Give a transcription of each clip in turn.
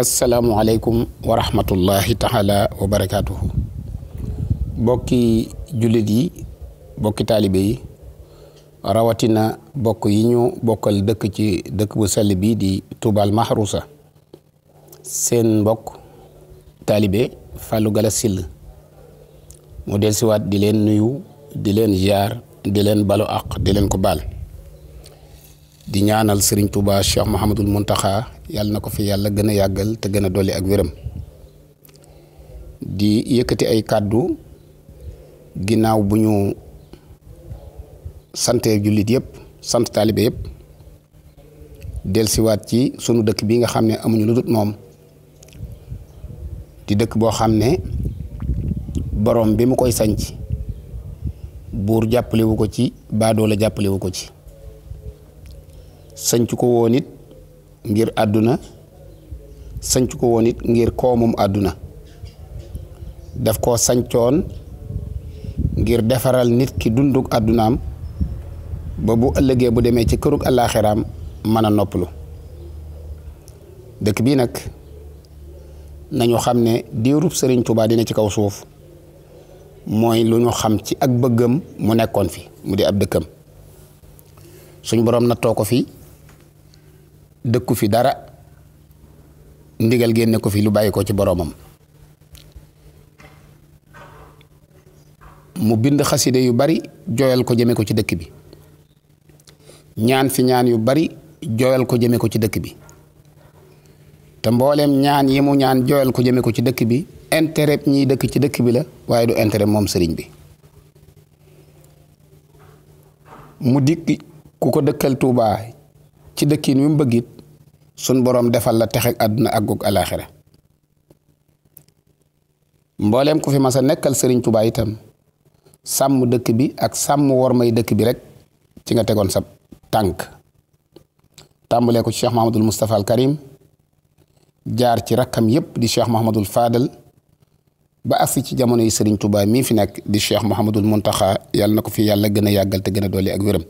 asalaamualeykum wa rahmatullahi taala wa barakaatuhu bokki jullit yi bokki taalibe yi rawatina bokk yi ñu bokkal dëkk ci dëkk bu sell bi di Tuubal Mahrusa seen mbokk taalibe Fallou Gala Syll mu dellusiwaat di leen nuyu di leen ziar di leen balu ak di leen ko baal di ñaanal Serigne Touba Cheikh Mouhamadul Mountakha yàlla na ko fi yàlla gën a yàggal te gën a dolli ak wéram di yëkkati ay kàddu ginnaaw bu ñu sante jullit yëpp sant taalibe yëpp delsiwaat ci sunu dëkk bi nga xam ne amuñu lu moom di dëkk boo xam ne borom bi mu koy sanc buur jàppalewu ko ci baadoole jàppalewu ko ci sanc ko woon it ngir àdduna sanc ko woon it ngir koomum àdduna def ko sañcoon ngir defaral nit ki dunduk àddunaam ba bu ëllëgee bu demee ci kërug àllaaxiraam mën a noppalu dëkk bii nag nañu xam ne diirub sëriñ Tuubaa dina ci kaw suuf mooy lu ñu xam ci ak bëggam mu nekkoon fi mu di ab dëkkam suñ boroom nattoo ko fi dëkku fi dara ndigal génne ko fi lu bàyyi ko ci boroomam mu bind xaside yu bari joyal ko jëme ko ci dëkk bi ñaan fi ñaan yu bari jooyal ko jëme ko ci dëkk bi te mbooleem ñaan yi mu ñaan jooyal ko jëme ko ci dëkk bi intérêt ñiy dëkk ci dëkk bi la waaye du intérêt moom sëriñ bi mu dikk ku ko dëkkal Tuubaa ci dëkkin wi mu bëggit sun boroom defal la texeg àdduna àggug alaaxira mbooleem ko fi mas a nekkal sëriñ Tuubaa itam sàmm dëkk bi ak sàmm wormay dëkk bi rek ci nga tegoon sa tànk tàmbalee ko ci Cheikh Mahamadul Moustapha Karim jaar ci rakkam yépp di Cheikh Mahamadul Fadal ba agsi ci jamono yi sëriñ tubaa mii fi nekk di Cheikh Mouhamadul Muntaxa yàlla na ko fi yàlla gën a yàggal te gën a dolli ak wéram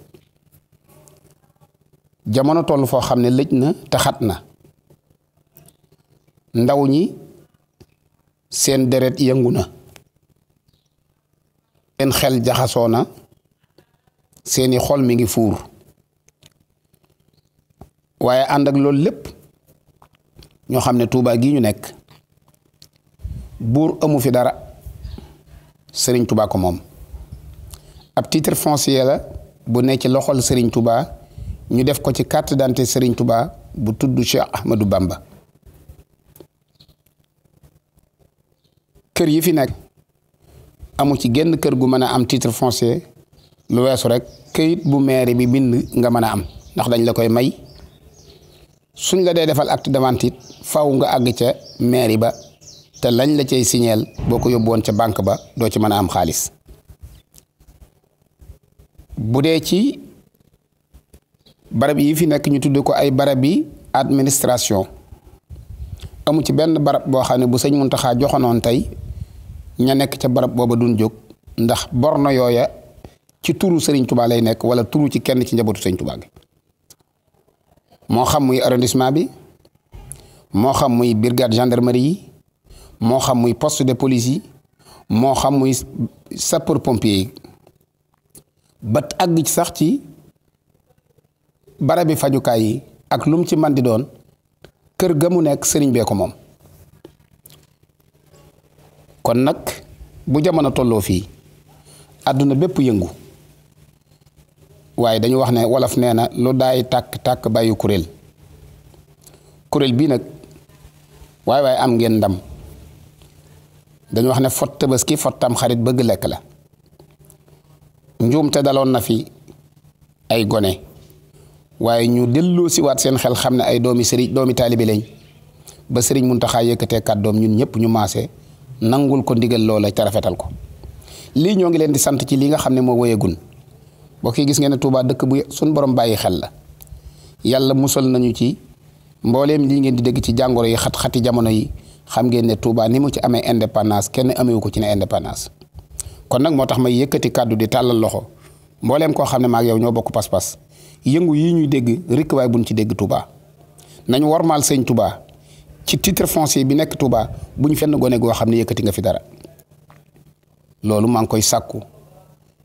jamono toll foo xam ne lëj na te xat na ndaw ñi seen deret yëngu na seen xel jaxasoo na seeni xol mi ngi fuur waaye ànd ak loolu lépp ñoo xam ne Tuubaa gi ñu nekk buur amu fi dara Sëriñ Tuubaa ko moom ab titre foncier la bu ne ci loxol Sëriñ Tuubaa ñu def ko ci carte dante seriñ Touba bu tudd Cheikh Ahmadou Bamba kër yi fi nekk amu ci genn kër gu mën a am titre foncier lu weesu rek këyit bu mairie bi bind nga mën a am ndax dañ la koy may suñ la dee defal ak de faw nga àgg ca mairie ba te lañ la cay signeel boo ko yóbbu woon ca banque ba doo ci mën a am xaalis bu dee ci barab yi fi nekk ñu tudd ko ay barab yi administration amu ci benn barab boo xam ne bu sëñ mun Muntaxa joxonoon tey ña nekk ca barab booba duñ jóg ndax borno yooya ci turu Serigne Touba lay nekk wala turu ci kenn ci njabootu Serigne Touba gi moo xam muy arrondissement bi moo xam muy brigade gendarmerie yi moo xam muy post de police yi moo xam muy sapeur pompier yi ba àgg ci sax ci barabi fajukaay yi ak lum ci man di doon kër ga mu nekk sëriñ bee ko moom kon nag bu jamono tolloo fii àdduna bépp yëngu waaye dañu wax ne wolof nee na lu daay tàkk-tàkk bàyyi kuréel kuréel bii nag waaye waaye am ngeen ndam dañu wax ne fot tabaski fot tam xarit bëgg lekk la njuum te daloon na fi ay gone waaye ñu delloo siwaat seen xel xam ne ay doomi sëriñ doomi taalibe lañ ba sëriñ mun Muntaxa yëkkatee kàddoom ñun ñëpp ñu maase nangul ko ndigal loola te rafetal ko lii ñoo ngi leen di sant ci li nga xam ne moo woyeegun boo kii gis ngeen ne Touba dëkk bu suñ borom bàyyi xel la yàlla musal nañu ci mbooleem lii ngeen di dégg ci jàngoro yi xat-xati jamono yi xam ngeen ne Touba ni mu ci amee indépendance kenn amewu ko ci ne indépendance kon nag moo tax may yëkkati kàddu di tàllal loxo mbooleem koo xam ne maag yow ñoo bokk pas yëngu yi ñuy dégg rikk waay buñ ci dégg Touba nañu warmaal sëñ Touba ci titre foncier bi nekk Touba bu ñu fenn gone goo xam ne yëkkati nga fi dara loolu maa ngi koy sàkku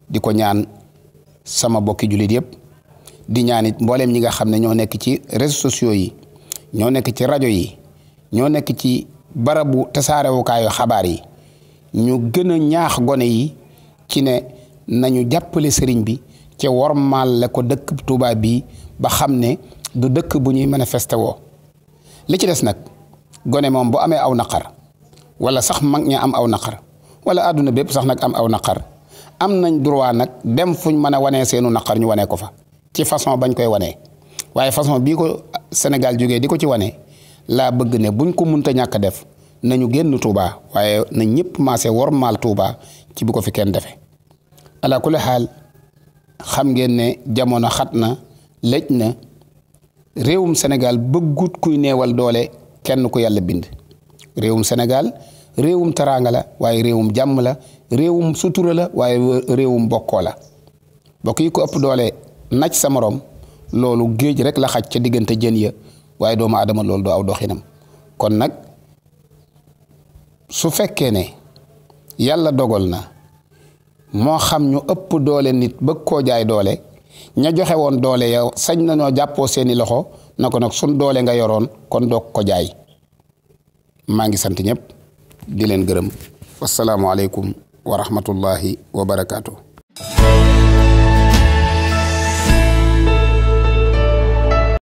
di ko ñaan sama bokki jullit yëpp di ñaan it mbooleem ñi nga xam ne ñoo nekk ci réseaux sociaux yi ñoo nekk ci rajo yi ñoo nekk ci barabu tasaarewukaayu xabaar yi ñu gën a ñaax gone yi ci ne nañu jàppale sëriñ bi ci wormaal la ko dëkk Touba bii ba xam ne du dëkk bu ñuy manifesté woo li ci des nag gone moom bu amee aw naqar wala sax mag ña am aw naqar wala àdduna bépp sax nag am aw naqar am nañ droit nag dem fuñ mën a wanee seenu naqar ñu wanee ko fa ci façon bañ koy wanee waaye façon bii ko Sénégal jógee di ko ci wane laa bëgg ne buñ ko a ñàkk def nañu génn Touba waaye na ñëpp maase wormaal Touba ci bu ko fi kenn defee ala kulli xaal xam ngeen ne jamono xat na lëj na réewum senegal bëggut kuy neewal doole kenn ku yàlla bind réewum senegal réewum teraanga la waaye réewum jàmm la réewum sutura la waaye réewum bokkoo la bokk yi ko ëpp doole naj sa morom loolu géej rek la xaj ca diggante jën ya waaye doomu adama loolu doo aw doxinam kon nag su fekkee ne yàlla dogal na moo xam ñu ëpp doole nit bëgg koo jaay doole ña joxe woon doole yow sañ nañoo jàppoo seeni loxo na ko nag suñ doole nga yoroon kon doog ko jaay maa ngi sant ñëpp di leen gërëm wasalaamualeykum wa rahmatullahi wa barakaatu.